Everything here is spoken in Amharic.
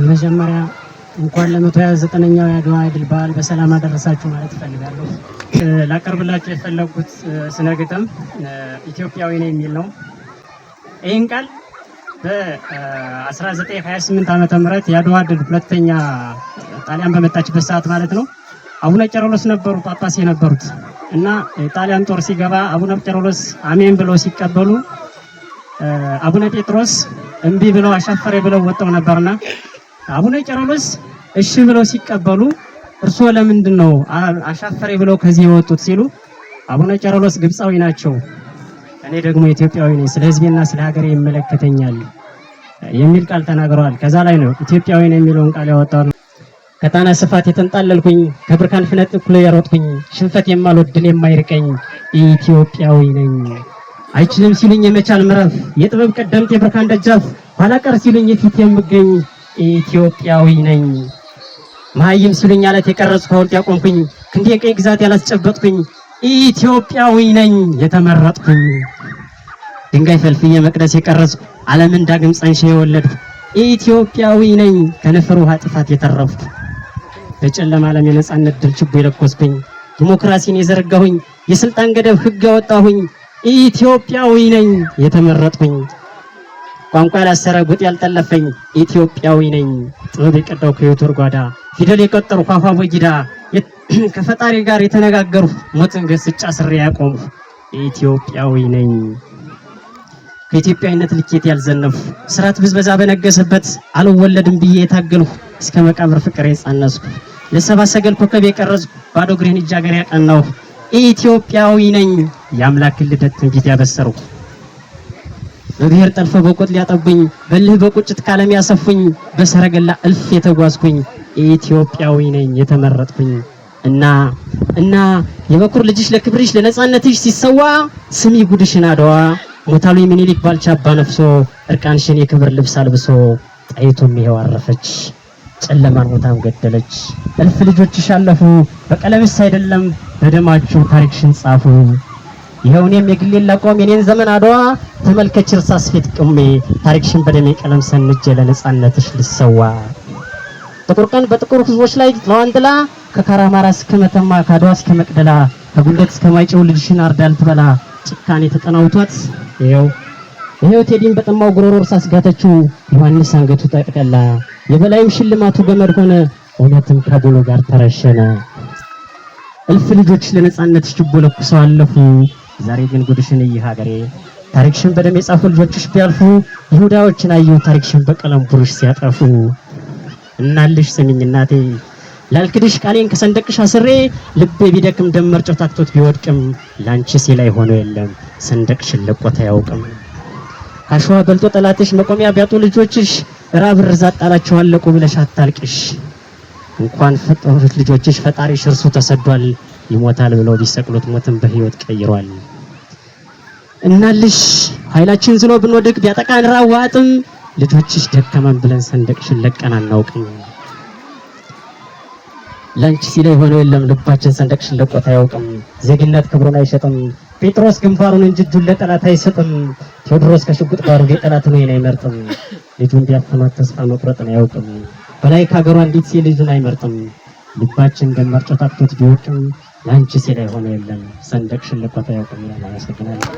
በመጀመሪያ እንኳን ለመቶ ሀያ ዘጠነኛው የአድዋ ድል በዓል በሰላም አደረሳችሁ ማለት እፈልጋለሁ። ላቀርብላችሁ የፈለጉት ስነ ግጥም ኢትዮጵያዊ ነው የሚል ነው። ይህን ቃል በ1928 ዓመተ ምህረት የአድዋ ድል ሁለተኛ ጣሊያን በመጣችበት ሰዓት ማለት ነው አቡነ ጨረሎስ ነበሩ ጳጳስ የነበሩት እና ጣሊያን ጦር ሲገባ አቡነ ጨረሎስ አሜን ብለው ሲቀበሉ አቡነ ጴጥሮስ እምቢ ብለው አሻፈሬ ብለው ወጥተው ነበርና አቡነ ቄርሎስ እሺ ብለው ሲቀበሉ እርስዎ ለምንድን ነው አሻፈሬ ብለው ከዚህ የወጡት ሲሉ አቡነ ቄርሎስ ግብፃዊ ናቸው፣ እኔ ደግሞ ኢትዮጵያዊ ነኝ፣ ስለ ሕዝቤና ስለ ሀገሬ ይመለከተኛል የሚል ቃል ተናግረዋል። ከዛ ላይ ነው ኢትዮጵያዊ ነኝ የሚለውን ቃል ያወጣው። ከጣና ስፋት የተንጣለልኩኝ ከብርሃን እኩል ያሮጥኩኝ ሽንፈት የማልወድ ድል የማይርቀኝ ኢትዮጵያዊ ነኝ። አይችልም ሲሉኝ የመቻል ምዕራፍ የጥበብ ቀደምት የብርካን ደጃፍ ኋላ ቀር ሲሉኝ የፊት የምገኝ ኢትዮጵያዊ ነኝ። ማይም ሲሉኝ አለት የቀረጽኩ ሐውልት ያቆምኩኝ ክንዴ ቀይ ግዛት ያላስጨበጥኩኝ ኢትዮጵያዊ ነኝ የተመረጥኩኝ። ድንጋይ ፈልፍዬ መቅደስ የቀረጽኩ ዓለምን ዳግም ፀንሼ የወለድኩ ኢትዮጵያዊ ነኝ ከንፍር ውሃ ጥፋት የተረፍኩ በጨለማ ዓለም የነጻነት ድል ችቦ የለኮስኩኝ ዲሞክራሲን የዘረጋሁኝ የስልጣን ገደብ ሕግ ያወጣሁኝ ኢትዮጵያዊ ነኝ የተመረጥኩኝ። ቋንቋ ጉጥ ያልጠለፈኝ ኢትዮጵያዊ ነኝ። ጥበብ የቀዳው ከዮቶር ጓዳ ፊደል የቀጠሩ ፏፏ ቦጊዳ ከፈጣሪ ጋር የተነጋገሩ ሞትን ገስጫ ስሬ ያቆሙ ኢትዮጵያዊ ነኝ። ከኢትዮጵያዊነት ልኬት ያልዘነፉ ስርዓት ብዝበዛ በነገሰበት አልወለድም ብዬ የታገልሁ እስከ መቃብር ፍቅር የጻነስኩ ለሰባ ሰገል ኮከብ የቀረዝኩ ባዶ እግሬን እጃገር ያቀናሁ ኢትዮጵያዊ ነኝ። የአምላክን ልደት ትንቢት ያበሰርኩ በብሔር ጠልፎ በቆጥ ሊያጠቡኝ በልህ በቁጭት ካለም ያሰፉኝ በሰረገላ እልፍ የተጓዝኩኝ ኢትዮጵያዊ ነኝ የተመረጥኩኝ እና እና የበኩር ልጅሽ ለክብርሽ ለነጻነትሽ ሲሰዋ ስሚ ጉድሽን አድዋ ሞታሉ የሚኒሊክ ባልቻ አባነፍሶ እርቃንሽን የክብር ልብስ አልብሶ ጣይቱም ይሄው አረፈች ጨለማን ሞታም ገደለች። እልፍ ልጆችሽ አለፉ በቀለምሽ አይደለም በደማችሁ ታሪክሽን ጻፉ። ይኸው እኔም የግሌን ላቆም የኔን ዘመን አድዋ ተመልከች እርሳስ ፊት ቆሜ ታሪክሽን በደሜ ቀለም ሰንጄ ለነጻነትሽ ልሰዋ ጥቁር ቀን በጥቁር ህዝቦች ላይ ለዋንጥላ ከካራማራ እስከ መተማ ከአድዋ እስከ መቅደላ ከጉንደት እስከ ማይጨው ልጅሽን አርዳል ትበላ ጭካኔ ተጠናውቷት ይኸው ይሄው ቴዲን በጠማው ጉሮሮ እርሳስ ጋተችው ዮሐንስ አንገቱ ተቀላ የበላይም ሽልማቱ ገመድ ሆነ እውነትም ከቦሎ ጋር ተረሸነ እልፍ ልጆች ለነጻነትሽ ችቦ ለኩሰው አለፉ ዛሬ ግን ጉድሽን እይ ሀገሬ ታሪክሽን በደም የጻፉ ልጆችሽ ቢያልፉ ይሁዳዎችን አየሁ ታሪክሽን በቀለም ብሩሽ ሲያጠፉ። እናልሽ ስሚኝ እናቴ ላልክድሽ ቃሌን ከሰንደቅሽ አስሬ ልቤ ቢደክም ደም መርጨት ታክቶት ቢወድቅም ላንቺ ሲላይ ሆኖ የለም ሰንደቅሽን ለቆት አያውቅም። አሸዋ በልጦ ጠላትሽ መቆሚያ ቢያጡ ልጆችሽ ራብ ርዛ ጣላቸው አለቁ ብለሽ አታልቅሽ። እንኳን ፈጠሩት ልጆችሽ ፈጣሪሽ እርሱ ተሰዷል ይሞታል ብለው ቢሰቅሉት ሞትን በህይወት ቀይሯል። እናልሽ ኃይላችን ዝሎ ብንወድቅ ቢያጠቃን ራዋጥም ልጆችሽ ደከመን ብለን ሰንደቅሽን ለቀን አናውቅም። ለአንቺ ሲለ የሆነው የለም ልባችን ሰንደቅሽን ለቆት አያውቅም። ዜግነት ክብሩን አይሸጥም። ጴጥሮስ ግንባሩን እንጂ እጁን ለጠላት አይሰጥም። ቴዎድሮስ ከሽጉጥ ባሩድ የጠላትን ወይን አይመርጥም። ልጁን ቢያፈኗት ተስፋ መቁረጥን አያውቅም። በላይ ከሀገሯ እንዴት ሲል ልጁን አይመርጥም። ልባችን ግን ጮታቶት ቢወቅም ላንቺ ሲል የሆነ የለም። ሰንደቅሽን ልፈታ ያውቅኛል። አመሰግናለሁ።